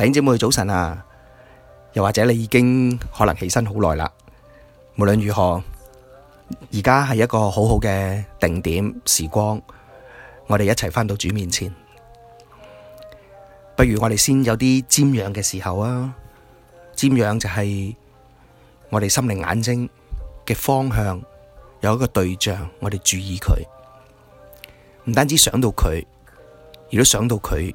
弟兄姊妹早晨啊！又或者你已經可能起身好耐啦。無論如何，而家係一個好好嘅定點時光，我哋一齊翻到主面前。不如我哋先有啲瞻仰嘅時候啊！瞻仰就係我哋心靈眼睛嘅方向有一個對象，我哋注意佢。唔單止想到佢，亦都想到佢。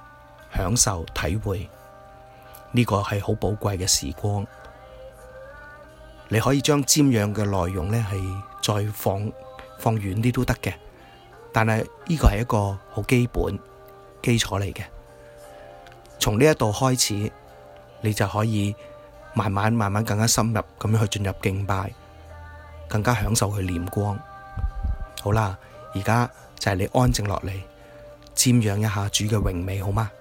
享受體會呢個係好寶貴嘅時光，你可以將瞻仰嘅內容呢係再放放遠啲都得嘅，但係呢個係一個好基本基礎嚟嘅。從呢一度開始，你就可以慢慢慢慢更加深入咁樣去進入敬拜，更加享受去念光。好啦，而家就係你安靜落嚟瞻仰一下主嘅榮美，好嗎？